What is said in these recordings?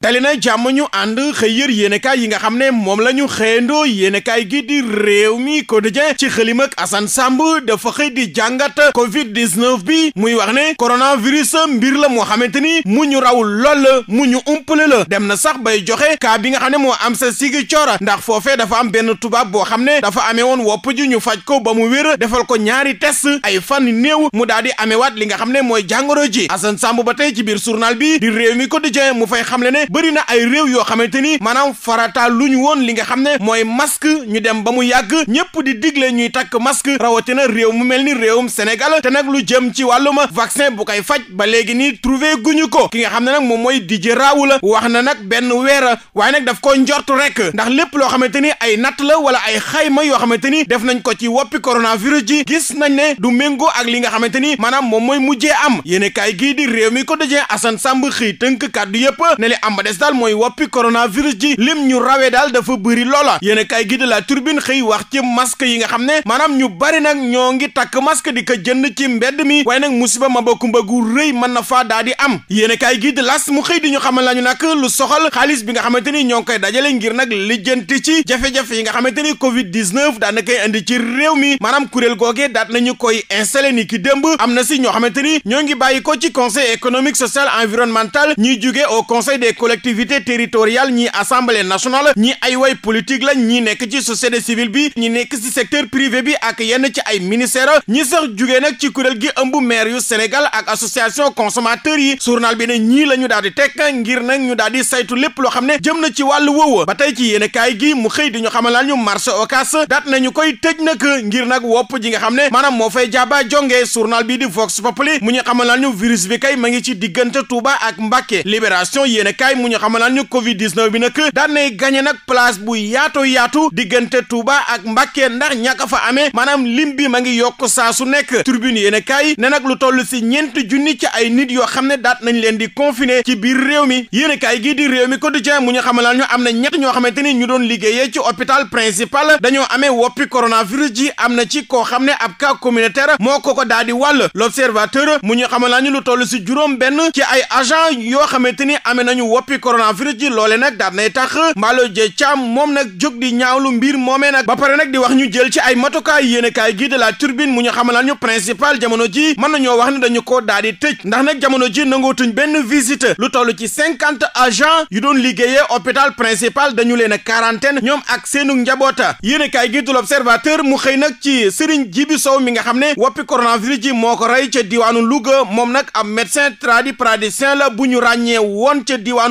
dali na jàmm ñu ànd xëy yër yéenekaay yi nga xam ne moom la ñu xëyandoo yéenekaay gi di réew mi quotidien ci xëlim ak Assane Samb dafa xëy di jàngat covid 19 bi muy wax ne coronavirus mbir la moo xamante ni mu ñu raw lool la mu ñu umpale la dem na sax bay joxe kaa bi nga xam ne moo am sa sigi coora ndax foofee dafa am benn tubaab boo xam ne dafa amee woon wopp ji ñu faj ko ba mu wér defal ko ñaari test ay fan néew mu daal di amewaat li nga xam ne mooy jàngoro ji Assane Samb ba tey ci biir journal bi di réew mi ne bëri na ay réew yoo xamante ni maanaam farata lu ñu woon li nga xam ne mooy masque ñu dem ba mu yàgg ñëpp di digle ñuy takk masque rawatina réew mu mel ni réewum Sénégal te nag lu jëm ci wàllum vaccin bu koy faj ba léegi nii trouvé guñu ko ki nga xam ne nag moom mooy Didier la wax na nag benn weer waaye nag def ko njort rek ndax lépp loo xamante ni ay natt la wala ay xayma yoo xamante ni def nañ ko ci woppi coronavirus ji gis nañ ne du méngoo ak li nga xamante ni maanaam moom mooy mujjee am yéen gii di réew mi ko dajee Assane Samb xëy tënk kàddu yëpp ne li am ba des daal mooy woppi coronavirus ji lim ñu rawee dafa bëri loola yéen a kaay la turbine xëy wax ci masque yi nga xam ne maanaam ñu bari nag ñoo ngi takk masque di ko jënd ci mbedd mi waaye nag musiba ma bokkumba gu rëy mën na faa daa di am yéen a kaay gi de las mu xëy di ñu xamal lañu nag lu soxal xaalis bi nga xamante ni ñoo ngi koy dajale ngir nag lijjanti ci jafe-jafe yi nga xamante ni covid 19 daana koy indi ci réew mi maanaam kuréel googee daat nañu koy installé ni ni ñoo ngi bàyyi ko ci conseil économique social environnemental ñuy jóge collectivité territoriale ñi assemblée nationale ñi ay way politique lañ ñi nekk ci société civile bi ñi nekk ci secteur privé bi ak yenn ci ay ministère ñi sax jugee nag ci kuréel gi ëmbu maire yu Sénégal ak association consommateurs yi journal bi ne ñii la ñu daal di teg ngir nag ñu daal di saytu lépp loo xam ne jëm na ci wàllu woowa ba tey ci yéen kaay gi mu xëy di ñu xamal ñu marché Ocass daat nañu koy tëj nag ngir nag wopp ji nga xam ne maanaam moo fay jaaba jonge journal bi di Vox Populi mu ñu xamal ñu virus bi kay ma ngi ci diggante Touba ak Mbacké Libération yéen mu ñu xamal ñu Covid 19 bi nag daan nay gagné nag place bu yaatoo yaatu diggante Touba ak Mbacké ndax ñàkk fa amee maanaam lim bi ma ngi yokk saa su nekk tribune yéen a kaay ne nag lu toll si ñeenti junni ci ay nit yoo xam ne daat nañ leen di confiné ci biir réew mi yéen a kaay gii di réew mi quotidien mu ñu xamal ñu am na ñett ñoo xamante ni ñu doon liggéeyee ci hôpital principal dañoo amee woppi coronavirus ji am na ci koo xam ne ab cas communautaire moo ko ko daal di wàll l'observateur mu ñu xamal ñu lu toll si juróom benn ci ay agent yoo xamante ni amee nañu woppi noppi coronavirus ji loole nag daat nay tax Mballo Dieng moom nag jóg di ñaawlu mbir moomee nag ba pare nag di wax ñu jël ci ay matukaay yéenekaay gi de la turbine mu ñu xamal ñu principal jamono ji mën nañoo wax ne dañu ko daal di tëj ndax nag jamono ji nangootuñ benn visite lu toll ci cinquante agents yu doon liggéeyee hôpital principal dañu leen a quarantaine ñoom ak seenu njaboota yéenekaay gi de l'observateur mu xëy nag ci Serigne Djibi Sow mi nga xam ne woppi coronavirus ko rey ca diwaanu moom nag ab médecin la bu ñu ràññee woon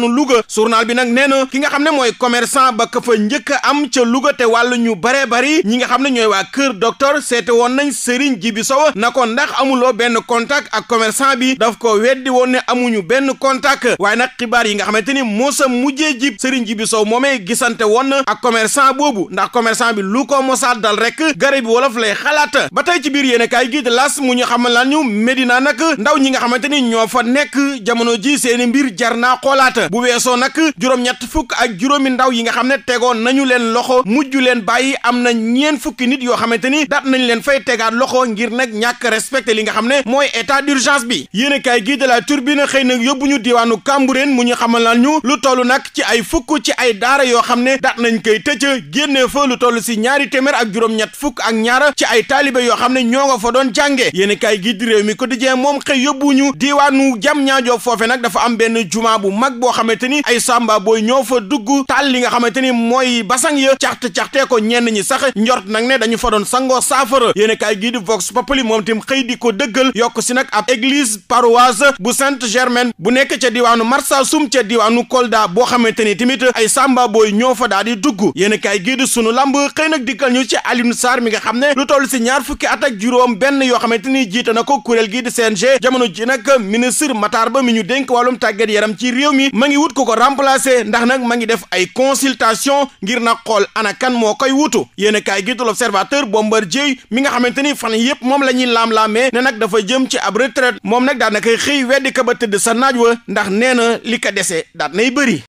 diwaanu Louga journal bi nag nee na ki nga xam ne mooy commerçant ba ka njëkk am ca Louga te wàllu ñu bare bari ñi nga xam ne ñooy waa kër docteur seete woon nañ Serigne Jibi Sow na ko ndax amuloo benn contact ak commerçant bi daf ko weddi woon ne amuñu benn contact waaye nag xibaar yi nga xamante ni moo sa mujjee jib Serigne Jibi Sow moomee gisante woon ak commerçant boobu ndax commerçant bi lu ko mosaa dal rek gare bi wolof lay xalaat ba tey ci biir yéen a kaay de las mu ñu xamal lañu Medina nag ndaw ñi nga xamante ni ñoo fa nekk jamono ji seeni mbir jar naa xoolaat bu weesoo nag juróom-ñett fukk ak juróomi ndaw yi nga xam ne tegoon nañu leen loxo mujj leen bàyyi am na ñeen fukki nit yoo xamante ni daat nañ leen fay tegaat loxo ngir nag ñàkk respecté li nga xam ne mooy état d'urgence bi yéen kaay gi de la turbine xëy nag yóbbu ñu diwaanu Kambureen mu ñu xamal lan ñu lu toll nag ci ay fukk ci ay daara yoo xam ne daat nañ koy tëj génnee fa lu toll si ñaari téeméer ak juróom-ñett fukk ak ñaar ci ay taalibe yoo xam ne ñoo nga fa doon jànge yéen gi di réew mi quotidien moom xëy yóbbu ñu diwaanu jam ñaajoo foofe nag dafa am benn juma bu mag boo xamante ni ay sàmba booy ñoo fa dugg taal li nga xamante ni mooy basang ya caxt-caxtee ko ñenn ñi sax njort nag ne dañu fa doon sangoo saafara yéen kaay gii di vox populi moom tim xëy di ko dëggal yokk si nag ab église paroisse bu Saint Germain bu nekk ca diwaanu Marsassoum ca diwaanu Kolda boo xamante ni tamit ay sàmba booy ñoo fa daal di dugg yéen kaay gii sunu lamb xëy nag dikkal ñu ci Alioune Sarr mi nga xam ne lu toll si ñaar fukki at ak juróom benn yoo xamante ni jiita na ko kuréel gii di CNG jamono ji nag ministre Matar Ba mi ñu dénk wàllum tàggat yaram ci réew mi ma ngi wut ku ko remplacer ndax nag ma ngi def ay consultation ngir na xool ana kan moo koy wutu yéen kaay gi du l'Observateur Bombardier mi nga xamante ni fan yëpp moom la ñuy laam-laamee ne nag dafa jëm ci ab retraite moom nag daanakay xëy weddi ka ba tëdd sa naaj ndax nee na li ko dese daat nay bëri